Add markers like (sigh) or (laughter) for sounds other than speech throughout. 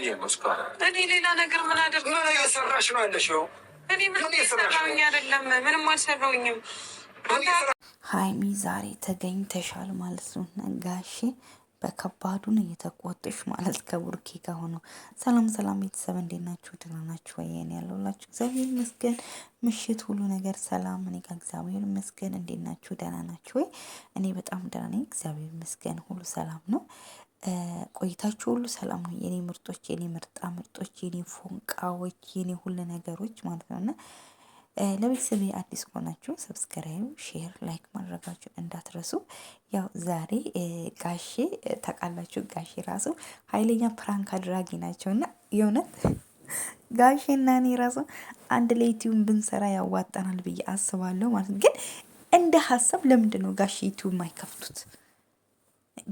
ብዬ ነው እስካሁን። እኔ ሌላ ነገር ምን አደርግ ምን እየሰራሽ ነው ያለሽው? እኔ ምን እየሰራሁኝ አይደለም፣ ምንም አልሰራሁኝም። ሀይሚ ዛሬ ተገኝተሻል ማለት ነው ነጋሽ በከባዱን እየተቆጥሽ ማለት ከቡርኬ ጋር ሆኖ። ሰላም ሰላም ቤተሰብ እንዴት ናችሁ? ደህና ናችሁ ወይ? እኔ ያለሁላችሁ እግዚአብሔር ይመስገን። ምሽት ሁሉ ነገር ሰላም፣ እኔ ጋር እግዚአብሔር ይመስገን። እንዴት ናችሁ? ደህና ናችሁ ወይ? እኔ በጣም ደህና ነኝ፣ እግዚአብሔር ይመስገን። ሁሉ ሰላም ነው። ቆይታችሁ ሁሉ ሰላም ነው የኔ ምርጦች፣ የኔ ምርጣ ምርጦች፣ የኔ ፎንቃዎች፣ የኔ ሁሉ ነገሮች ማለት ነው እና ለቤተሰብ አዲስ ከሆናችሁ ሰብስክራይብ፣ ሼር፣ ላይክ ማድረጋችሁ እንዳትረሱ። ያው ዛሬ ጋሼ ታውቃላችሁ፣ ጋሼ ራሱ ኃይለኛ ፕራንክ አድራጊ ናቸው እና የእውነት ጋሼ እና እኔ ራሱ አንድ ላይ ብንሰራ ያዋጣናል ብዬ አስባለሁ ማለት ግን እንደ ሀሳብ ለምንድን ነው ጋሼ ዩቲዩብ የማይከፍቱት?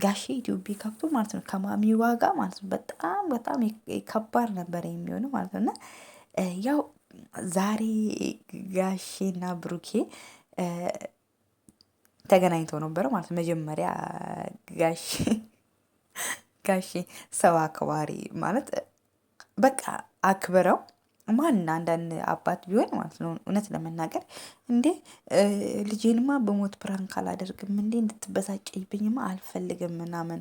ጋሼ ኢትዮጵያ ከብቶ ማለት ነው ከማሚ ዋጋ ማለት ነው በጣም በጣም ከባድ ነበረ የሚሆነው ማለት ነው። እና ያው ዛሬ ጋሼና ብሩኬ ተገናኝተው ነበረ ማለት ነው። መጀመሪያ ጋሼ ጋሼ ሰው አክባሪ ማለት በቃ አክብረው ማን አንዳንድ አባት ቢሆን ማለት ነው እውነት ለመናገር እንዴ ልጄንማ በሞት ፕራንክ አላደርግም እንዴ እንድትበሳጨይብኝማ አልፈልግም ምናምን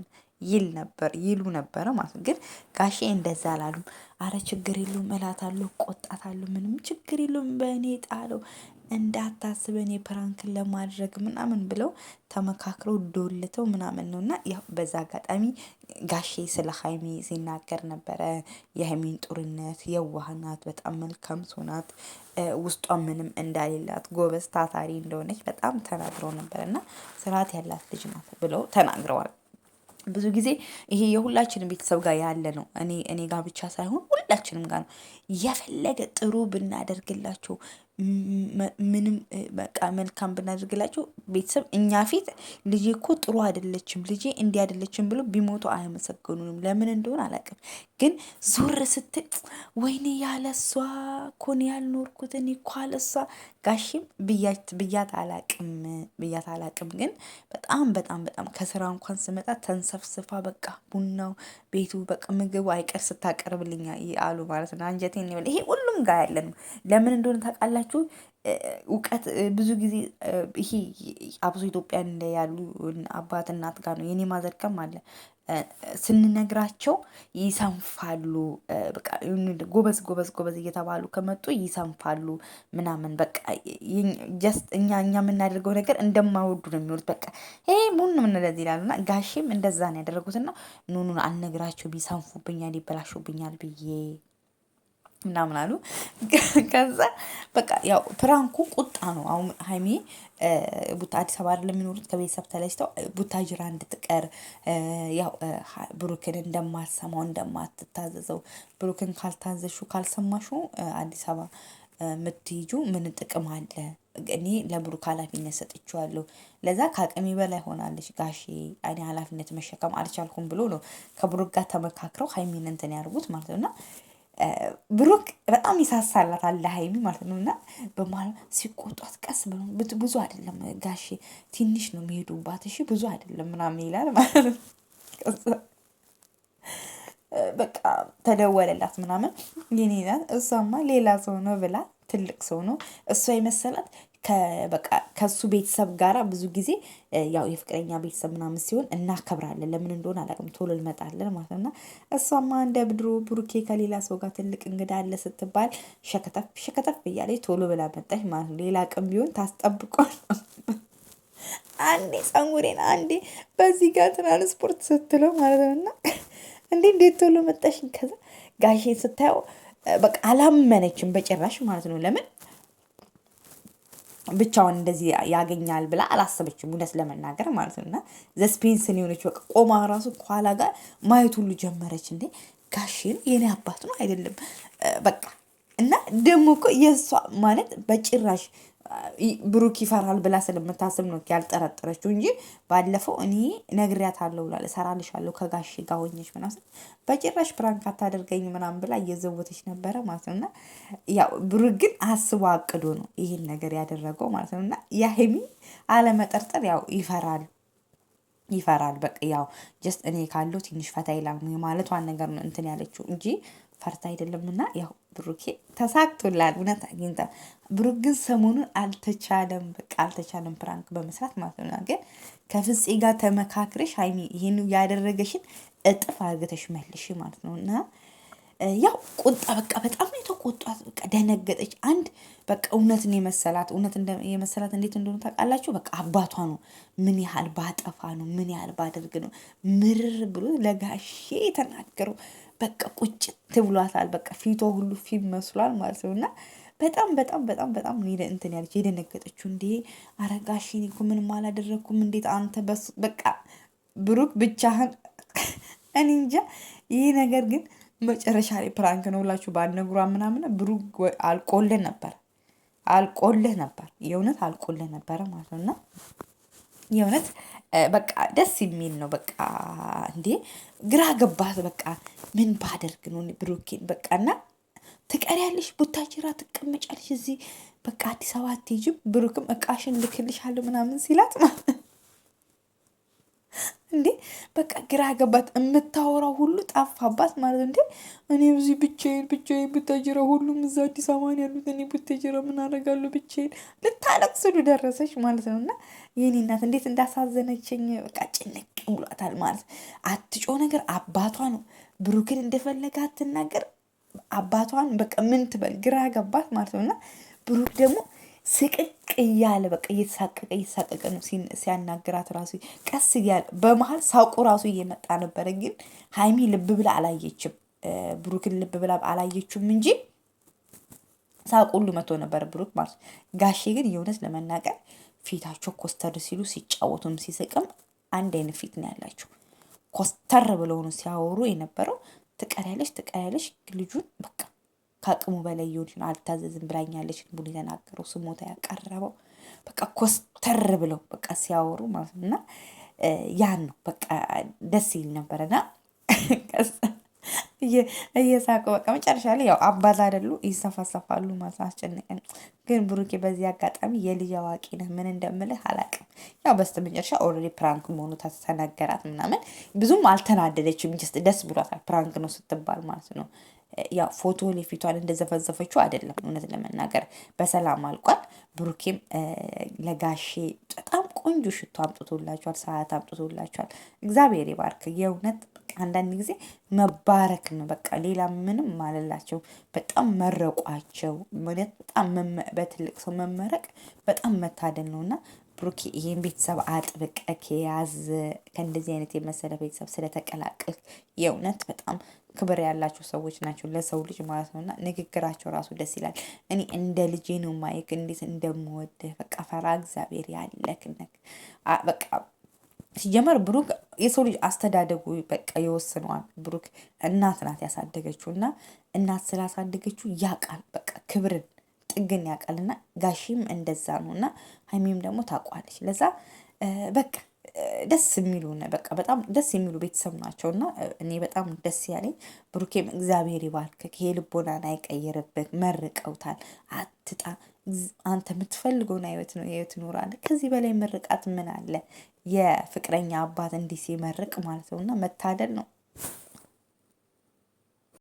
ይል ነበር ይሉ ነበረ ማለት ግን ጋሼ እንደዛ አላሉም። አረ ችግር የለውም እላታለሁ፣ ቆጣታለሁ፣ ምንም ችግር የለውም በእኔ ጣለው እንዳታስብ እኔ ፕራንክን ለማድረግ ምናምን ብለው ተመካክረው ዶልተው ምናምን ነው እና ያው በዛ አጋጣሚ ጋሼ ስለ ሀይሚ ሲናገር ነበረ። የሀይሚን ጡርነት፣ የዋህናት፣ በጣም መልካም ሰው ውስጧ ምንም እንዳሌላት፣ ጎበዝ ታታሪ እንደሆነች በጣም ተናግረው ነበር እና ስርዓት ያላት ልጅ ናት ብለው ተናግረዋል። ብዙ ጊዜ ይሄ የሁላችንም ቤተሰብ ጋር ያለ ነው። እኔ እኔ ጋር ብቻ ሳይሆን ሁላችንም ጋር ነው። የፈለገ ጥሩ ብናደርግላቸው ምንም በቃ መልካም ብናደርግላቸው ቤተሰብ እኛ ፊት ልጄ እኮ ጥሩ አይደለችም ልጄ እንዲህ አይደለችም ብሎ ቢሞቱ አያመሰግኑንም። ለምን እንደሆነ አላውቅም። ግን ዞር ስትል ወይኔ ያለሷ ኮን ነው ያልኖርኩት እኔ እኮ አለሷ ጋሽም ብያት አላቅም ብያት አላቅም። ግን በጣም በጣም በጣም ከስራ እንኳን ስመጣ ተንሰፍስፋ በቃ ቡናው ቤቱ በቃ ምግቡ አይቀር ስታቀርብልኛ አሉ ማለት ነው። አንጀቴን ይበል። ይሄ ሁሉም ጋር ያለ ነው። ለምን እንደሆነ ታውቃላችሁ? ካላችሁ እውቀት ብዙ ጊዜ ይሄ አብዙ ኢትዮጵያን ላይ ያሉ አባት እናት ጋር ነው የኔ ማዘርቀም አለ ስንነግራቸው ይሰንፋሉ። ጎበዝ ጎበዝ ጎበዝ እየተባሉ ከመጡ ይሰንፋሉ ምናምን በቃ ጀስት እኛ እኛ የምናደርገው ነገር እንደማይወዱ ነው የሚሆኑት። በቃ ይሄ ሙን ምንለዚ ይላሉ። እና ጋሼም እንደዛ ነው ያደረጉትና ኑኑን አልነግራቸው ቢሰንፉብኛል፣ ይበላሹብኛል ብዬ ምናምን አሉ። (laughs) ከዛ በቃ ያው ፕራንኩ ቁጣ ነው። አሁን ሀይሚ አዲስ አበባ አይደለም የሚኖሩት ከቤተሰብ ተለጅተው ቡታጅራ እንድትቀር ያው ብሩክን እንደማትሰማው እንደማትታዘዘው ብሩክን ካልታዘሹ ካልሰማሹ አዲስ አበባ የምትሄጁ ምን ጥቅም አለ? እኔ ለብሩክ ኃላፊነት ሰጥችዋለሁ፣ ለዛ ከአቅሜ በላይ ሆናለች ጋሼ፣ እኔ ኃላፊነት መሸከም አልቻልኩም ብሎ ነው ከብሩክ ጋር ተመካክረው ሀይሚን እንትን ያደርጉት ማለት ነው እና ብሩክ በጣም ይሳሳላታል ለሀይሚ ማለት ነው። እና በመሀል ሲቆጧት ቀስ ብዙ አይደለም ጋሼ ትንሽ ነው የሚሄዱባት፣ እሺ ብዙ አይደለም ምናምን ይላል ማለት ነው። በቃ ተደወለላት ምናምን ይኔናል። እሷማ ሌላ ሰው ነው ብላ ትልቅ ሰው ነው እሷ የመሰላት ከሱ ቤተሰብ ጋራ ብዙ ጊዜ ያው የፍቅረኛ ቤተሰብ ምናምን ሲሆን እናከብራለን። ለምን እንደሆነ አላውቅም ቶሎ እንመጣለን ማለት ነው። እና እሷማ እንደ ብድሮ ብሩኬ ከሌላ ሰው ጋር ትልቅ እንግዳ አለ ስትባል ሸከተፍ ሸከተፍ እያለች ቶሎ ብላ መጣች ማለት ነው። ሌላ ቀን ቢሆን ታስጠብቋል። አንዴ ፀጉሬን አንዴ በዚህ ጋር ትራንስፖርት ስትለው ማለት ነው። እና እንዴ እንዴት ቶሎ መጣሽ? ከዛ ጋሼን ስታየው በቃ አላመነችም በጭራሽ ማለት ነው። ለምን ብቻውን እንደዚህ ያገኛል ብላ አላሰበችም፣ እውነት ለመናገር ማለት ነው። እና ዘስፔንስን የሆነች በቃ ቆማ ራሱ ከኋላ ጋር ማየት ሁሉ ጀመረች። እንዴ ጋሼን የኔ አባት ነው አይደለም በቃ እና ደግሞ እኮ የእሷ ማለት በጭራሽ ብሩክ ይፈራል ብላ ስለምታስብ ነው ያልጠረጠረችው እንጂ ባለፈው እኔ ነግሪያታለሁ ብላ እሰራልሻለሁ ከጋሽ ጋር ሆኜሽ ምናምን በጭራሽ ፕራንክ አታደርገኝ ምናምን ብላ እየዘወተች ነበረ ማለት ነው። እና ያው ብሩክ ግን አስቦ አቅዶ ነው ይህን ነገር ያደረገው ማለት ነው። እና የሀይሚ አለመጠርጠር ያው ይፈራል ይፈራል በቃ ያው ጀስት እኔ ካለው ትንሽ ፈታ ይላል ማለቷን ነገር ነው እንትን ያለችው እንጂ ፈርታ አይደለም አይደለምና ያው ብሩኬ ተሳክቶላል። እውነት አግኝታ ብሩክ ግን ሰሞኑን አልተቻለም፣ በቃ አልተቻለም ፕራንክ በመስራት ማለት ነው። ግን ከፍጼ ጋር ተመካክረሽ ሀይሚ ይህን ያደረገሽን እጥፍ አርገተሽ መልሽ ማለት ነው እና ያው ቁጣ በቃ በጣም ነው የተቆጧት። በቃ ደነገጠች። አንድ በቃ እውነትን የመሰላት እውነት የመሰላት እንዴት እንደሆነ ታውቃላችሁ? በቃ አባቷ ነው ምን ያህል ባጠፋ ነው ምን ያህል ባደርግ ነው ምርር ብሎ ለጋሼ የተናገረው። በቃ ቁጭት ብሏታል። በቃ ፊቷ ሁሉ ፊት መስሏል ማለት ነው። እና በጣም በጣም በጣም በጣም እንትን ያለች የደነገጠችው፣ እንዴ አረጋሽ እኔ እኮ ምንም አላደረግኩም። እንዴት አንተ በቃ ብሩክ ብቻህን እኔ እንጃ ይህ ነገር ግን መጨረሻ ላይ ፕራንክ ነው ብላችሁ ባነግሯ ምናምን ብሩክ አልቆልህ ነበር አልቆልህ ነበር የእውነት አልቆልህ ነበረ ማለት ነው። እና የእውነት በቃ ደስ የሚል ነው። በቃ እንዴ ግራ ገባት። በቃ ምን ባደርግ ነው ብሩኬን በቃ እና ትቀሪያለሽ፣ ቡታጅራ ትቀመጫለሽ፣ እዚህ በቃ አዲስ አበባ አትሄጂም፣ ብሩክም እቃሽን ልክልሻለሁ ምናምን ሲላት ማለት እንዴ በቃ ግራ ገባት። የምታወራው ሁሉ ጠፋባት ማለት እንዴ። እኔ ብዙ ብቻዬን ብቻዬን ብታጅራ ሁሉም እዛ አዲስ አበባን ያሉት እኔ ብታጅራ ምን አደርጋለሁ ብቻዬን ልታለቅስ ስሉ ደረሰች ማለት ነው። እና የኔ እናት እንዴት እንዳሳዘነችኝ በቃ ጭንቅ ብሏታል ማለት አትጮ ነገር አባቷ ነው። ብሩክን እንደፈለገ አትናገር አባቷን በቃ ምን ትበል ግራ ገባት ማለት ነው። እና ብሩክ ደግሞ ስቅቅ እያለ በቃ እየተሳቀቀ እየተሳቀቀ ነው ሲያናግራት ራሱ ቀስ እያለ በመሀል ሳቁ ራሱ እየመጣ ነበረ። ግን ሀይሚ ልብ ብላ አላየችም፣ ብሩክን ልብ ብላ አላየችም እንጂ ሳቁ ሁሉ መቶ ነበረ ብሩክ ማለት ጋሼ ግን የእውነት ለመናገር ፊታቸው ኮስተር ሲሉ ሲጫወቱም ሲስቅም አንድ አይነት ፊት ነው ያላቸው። ኮስተር ብለው ነው ሲያወሩ የነበረው። ትቀሪያለሽ ትቀሪያለሽ ልጁን በቃ ከአቅሙ በላይ ይሁን አልታዘዝም ብላኛለች ብሎ የተናገረው ስሞታ ያቀረበው በቃ ኮስተር ብለው በቃ ሲያወሩ ማለት ነው። እና ያን ነው በቃ ደስ ይል ነበረና እየሳቀ በቃ መጨረሻ ላይ ያው አባት አይደሉ ይሰፋሰፋሉ ማለት አስጨነቀን። ግን ብሩኬ በዚህ አጋጣሚ የልጅ አዋቂ ነህ ምን እንደምልህ አላቅም። ያው በስተ መጨረሻ ኦልሬዲ ፕራንክ መሆኑ ተነገራት ምናምን ብዙም አልተናደደችም። ጀስት ደስ ብሏታል ፕራንክ ነው ስትባል ማለት ነው። ያ ፎቶ ለፊቷን እንደዘፈዘፈችው አይደለም። እውነት ለመናገር በሰላም አልቋል። ብሩኬም ለጋሼ በጣም ቆንጆ ሽቶ አምጥቶላችኋል፣ ሰዓት አምጥቶላችኋል። እግዚአብሔር ይባርክ። የእውነት አንዳንድ ጊዜ መባረክ ነው በቃ፣ ሌላ ምንም አለላቸው። በጣም መረቋቸው ማለት በጣም በትልቅ ሰው መመረቅ በጣም መታደል ነው እና ብሩኬ ይህን ቤተሰብ አጥብቀ ከያዝ ከእንደዚህ አይነት የመሰለ ቤተሰብ ስለተቀላቀልክ የእውነት በጣም ክብር ያላቸው ሰዎች ናቸው፣ ለሰው ልጅ ማለት ነው። እና ንግግራቸው ራሱ ደስ ይላል። እኔ እንደ ልጄ ነው ማየክ፣ እንዴት እንደምወድህ በቃ ፈራ እግዚአብሔር ያለክነክ በቃ ሲጀመር ብሩክ የሰው ልጅ አስተዳደጉ በቃ ይወስነዋል። ብሩክ እናት ናት ያሳደገችው እና እናት ስላሳደገችው ያቃል በቃ ክብርን ጥግን ያውቃልና ጋሺም እንደዛ ነው እና ሀይሚም ደግሞ ታውቋለች። ለዛ በቃ ደስ የሚሉ በቃ በጣም ደስ የሚሉ ቤተሰብ ናቸው እና እኔ በጣም ደስ ያለኝ ብሩኬም እግዚአብሔር ይባርክክ፣ የልቦናን አይቀይርብክ፣ መርቀውታል፣ አትጣ አንተ የምትፈልገውን ህይወት ነው ህይወት ኖራለ። ከዚህ በላይ ምርቃት ምን አለ? የፍቅረኛ አባት እንዲህ ሲመርቅ ማለት ነው እና መታደል ነው።